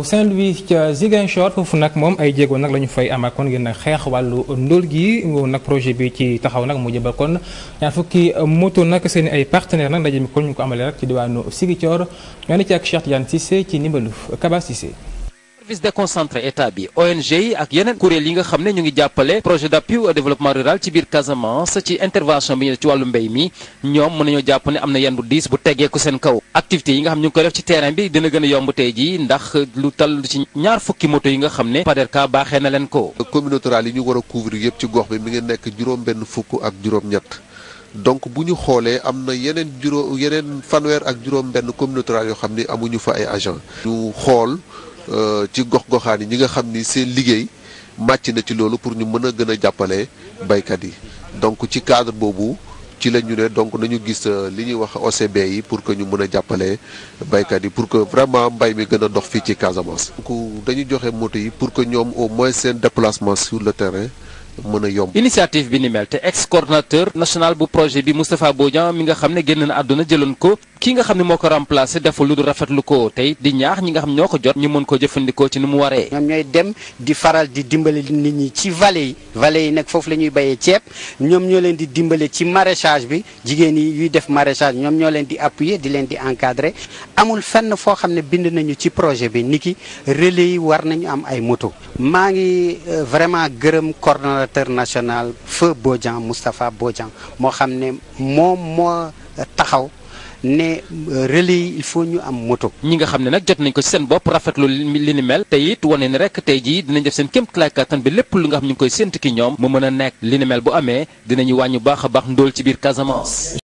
Saint-Louis ca Ziguinchor foofu nag moom ay jéego nag la ñu fay am ak kon ngir nag xeex wàllu ndóol gi nag projet bi ci taxaw nag mu jëbal kon ñaar fukki moto nag seen ay partenaire nag ndaje mi kon ñu ko amalee rek ci diwaanu Ziguinchor ñoo ne ci ak Cheikh Tidiane Cissé ci ndimbalu Kaba Cissé service déconcentré état bi ONG yi ak yeneen kuréel yi nga xam ne ñu ngi jàppale projet d'appui au développement rural ci biir Casamance ci intervention bi ñu ci wàllu mbéy mi ñoom mën nañoo jàpp ne am na yenn bu diis bu seen kaw activités yi nga xam ñu ngi koy def ci bi dina gën a yomb tey jii ndax lu tal ci ñaar fukki moto yi nga xam ne PADERCA baaxee na leen ko communauté rurale yi ñu war a couvrir yëpp ci gox bi mi ngi nekk juróom benn fukk ak juróom ñett bu ñu xoolee am na yeneen juróom yeneen fanweer ak juróom benn communauté yoo xam ni amuñu fa ay agent ñu xool Euh, ci gox-goxaan yi ñi nga xam ni seen liggéey màcc na ci loolu pour ñu mën a gën a jàppale baykat yi donc ci cadre boobu ci la ñu ne donc nañu gis euh, li ñuy wax OCB yi pour que ñu mën a jàppale baykat yi pour que vraiment mbay mi gën a dox fii ci Casamance. donc dañu joxe moto yi pour que ñoom au moins seen déplacement sur le terrain. mën a yomb. initiative bi ni mel te ex coordonnateur national bu projet bi Moustapha Bodian mi nga xam ne génn na àdduna jëloon ko ki nga xam ne moo ko remplacé deful lu du rafetlu ko tey di ñaax ñi nga xam ñoo ko jot ñu mën ko jëfandikoo ci nu mu waree. ñoom ñooy dem di faral di dimbali nit ñi ci vale yi vale yi nag foofu la ñuy béyee ceeb ñoom ñoo leen di dimbale ci maraîchage bi jigéen yi yuy def maraîchage ñoom ñoo leen di appuyer di leen di encadrer amul fenn foo xam ne bind nañu ci projet bi niki relais yi war nañu am ay moto maa ngi euh, vraiment gërëm coordonnateur national feu Bodian Moustapha Bodian moo xam ne moom moo taxaw ne euh, relais yi il faut ñu am moto. ñi nga xam ne nag jot nañ ko ci seen bopp rafetlu li ni mel te it wane ne rek tey jii dinañ def seen kéemtalaay kattan bi lépp lu nga xam ñu ngi koy sént ki ñoom mu mën a nekk li bu amee dinañu wàññi baax a baax ndóol ci biir Casamance.